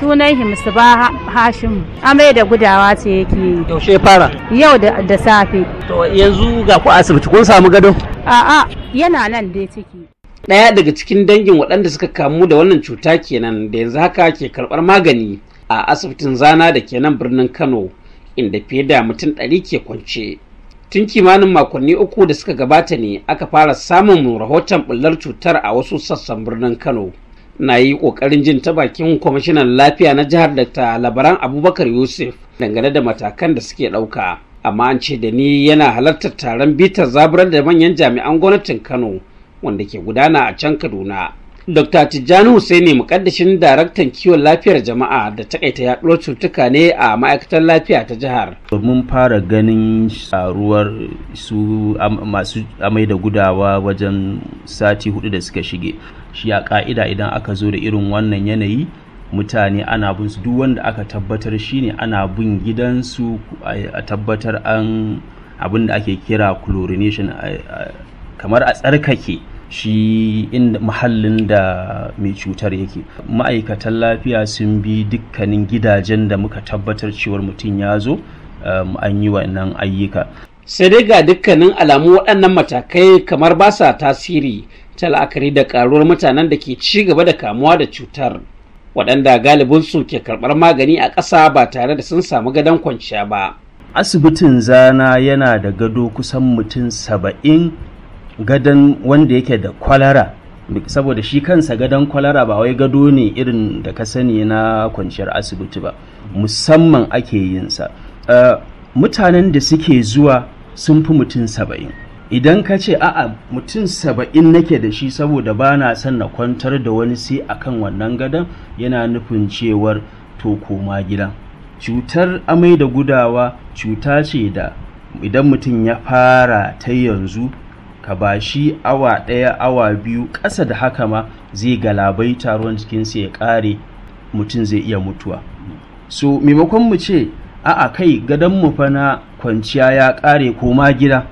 sunan shi Musuba Hashim amai da gudawa ce yake yi yaushe fara yau da safe to yanzu ga ku asibiti kun samu gado a'a yana nan dai ciki Daya daga cikin dangin waɗanda suka kamu da wannan cuta kenan da yanzu haka ke karɓar magani a asibitin zana da kenan birnin kano inda fiye da mutum ɗari ke kwance tun kimanin makonni uku da suka gabata ne aka fara samun rahoton ɓullar cutar a wasu sassan birnin kano na yi ƙoƙarin jin ta bakin kwamishinan lafiya na jihar Dr. Labaran Abubakar Yusuf dangane da matakan da suke ɗauka. Amma an ce da ni yana halartar taron bitar zaburar da manyan jami'an gwamnatin Kano wanda ke gudana a can Kaduna. Dr. Tijjani Hussaini mukaddashin daraktan kiwon lafiyar jama'a da takaita yaduwar cutuka ne a ma'aikatar lafiya ta jihar. Mun fara ganin saruwar su masu amai da gudawa wajen sati hudu da suka shige. Shi a ka'ida idan aka zo da irin wannan yanayi mutane ana bin su duk wanda aka tabbatar shine ana bin gidansu a tabbatar an abin da ake kira chlorination kamar a tsarkake. shi inda muhallin da mai cutar yake ma'aikatan lafiya sun bi dukkanin gidajen da muka tabbatar cewar mutum ya zo um, an yi wannan ayyuka sai dai ga dukkanin alamu waɗannan matakai kamar ba sa tasiri ta la'akari da karuwar mutanen da ke ci gaba da kamuwa da cutar waɗanda galibinsu ke karɓar magani a ƙasa ba tare da sun samu gadon kwanciya ba asibitin zana yana da gado kusan mutum saba'in gadon wanda yake da kwalara saboda shi kansa gadon kwalara ba wai gado ne irin da ka sani na kwanciyar asibiti ba musamman ake yinsa uh, eh, mutanen da suke zuwa sun fi mutum saba'in idan ka ce a'a mutum saba'in nake da shi saboda ba na son na kwantar da wani sai akan wannan gadon yana nufin cewar to koma gida cutar amai da gudawa cuta ce da idan mutum ya fara ta yanzu ka ba shi awa ɗaya awa biyu ƙasa da haka ma zai galabai taron jikinsa ya ƙare mutum zai iya mutuwa so maimakon mu ce a'a kai gadon mu fa na kwanciya ya ƙare ko ma gida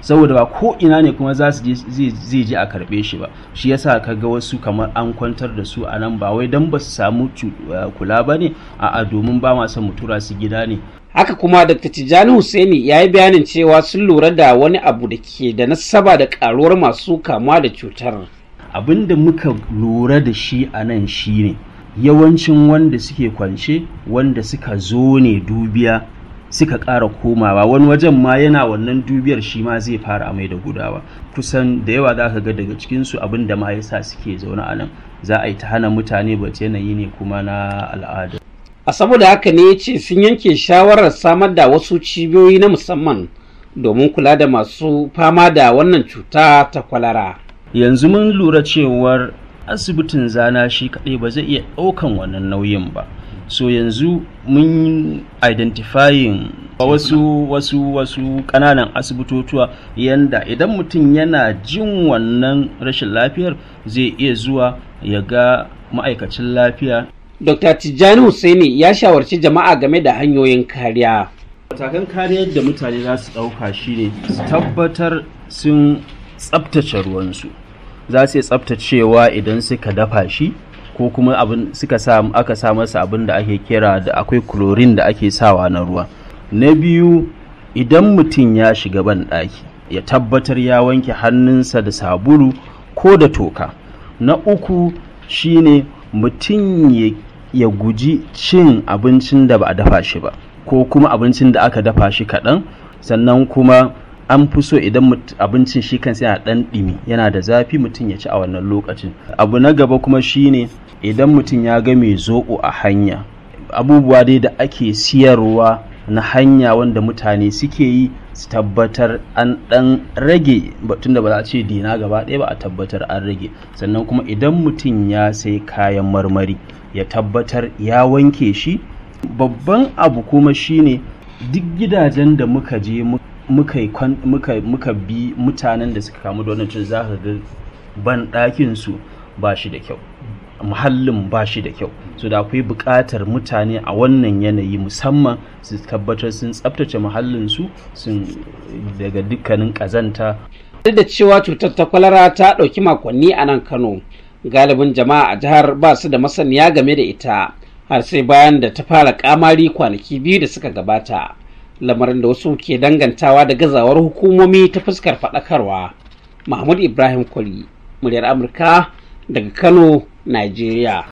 saboda ba ko ina ne kuma za su zai je a karɓe shi ba shi yasa ka ga wasu kamar an kwantar da su a nan ba wai don ba su samu eh, kula ba ne a'a domin ba ma son mu tura su gida ne haka kuma dr tijjani Hussaini ya yi bayanin cewa sun lura da wani abu da ke da nasaba da karuwar masu kamuwa da cutar abin da muka lura da shi a nan shine yawancin wanda suke kwance wanda suka zo ne dubiya suka ƙara komawa wani wajen ma yana wannan dubiyar shi ma zai fara amai da gudawa kusan da yawa za ka ga daga cikinsu abin da ma yasa suke zaune a nan za a yi ta hana mutane bace yanayi ne kuma na al'ada a saboda haka ne ya ce sun yanke shawarar samar da wasu cibiyoyi na musamman domin kula da masu fama da wannan cuta ta kwalara yanzu mun lura cewar asibitin zana shi kaɗai ba zai iya ɗaukan wannan nauyin ba so yanzu mun identifying wasu wasu wasu ƙananan asibitotuwa yanda idan mutum yana jin wannan rashin lafiyar zai iya zuwa ya ga ma'aikacin lafiya dr tijjani Hussaini ya shawarci jama'a game da hanyoyin kariya matakan kariyar da mutane za su ɗauka shine su tabbatar sun tsabtace ruwansu za su tsabtacewa idan suka dafa shi ko kuma abin suka sa aka sa masa abin da ake kira da akwai chlorine da ake sawa na ruwa na biyu idan mutum ya shiga ban ɗaki ya tabbatar ya wanke hannunsa da sabulu ko da toka na uku shine mutum ya ya guji cin abincin da ba a dafa shi ba ko kuma abincin da aka dafa shi kaɗan sannan kuma an fi so idan abincin shi kansa yana ɗan ɗimi yana da zafi mutum ya ci a wannan lokacin abu na gaba kuma shine idan mutum ya ga mai zoɓo a hanya abubuwa dai da ake siyarwa na hanya wanda mutane suke yi su tabbatar an ɗan rage batun da ba za a ce dina gaba ɗaya ba a tabbatar an rage sannan kuma idan mutum ya sai kayan marmari ya tabbatar ya wanke shi babban abu kuma shine duk gidajen da muka je muka bi mutanen da suka kamu da wannan cin za ga ban ɗakin ba shi da kyau muhallin ba shi da kyau Su da akwai buƙatar mutane a wannan yanayi musamman su tabbatar sun tsabtace muhallinsu sun daga dukkanin ƙazanta duk da cewa cutar ta kwalara ta ɗauki makonni a nan kano galibin jama'a a jihar ba su da masaniya game da ita har sai bayan da ta fara kamari kwanaki biyu da suka gabata lamarin da wasu ke dangantawa da gazawar hukumomi ta fuskar faɗakarwa mahmud ibrahim kwali muryar amurka daga kano nigeria